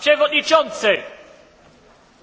przewodniczący!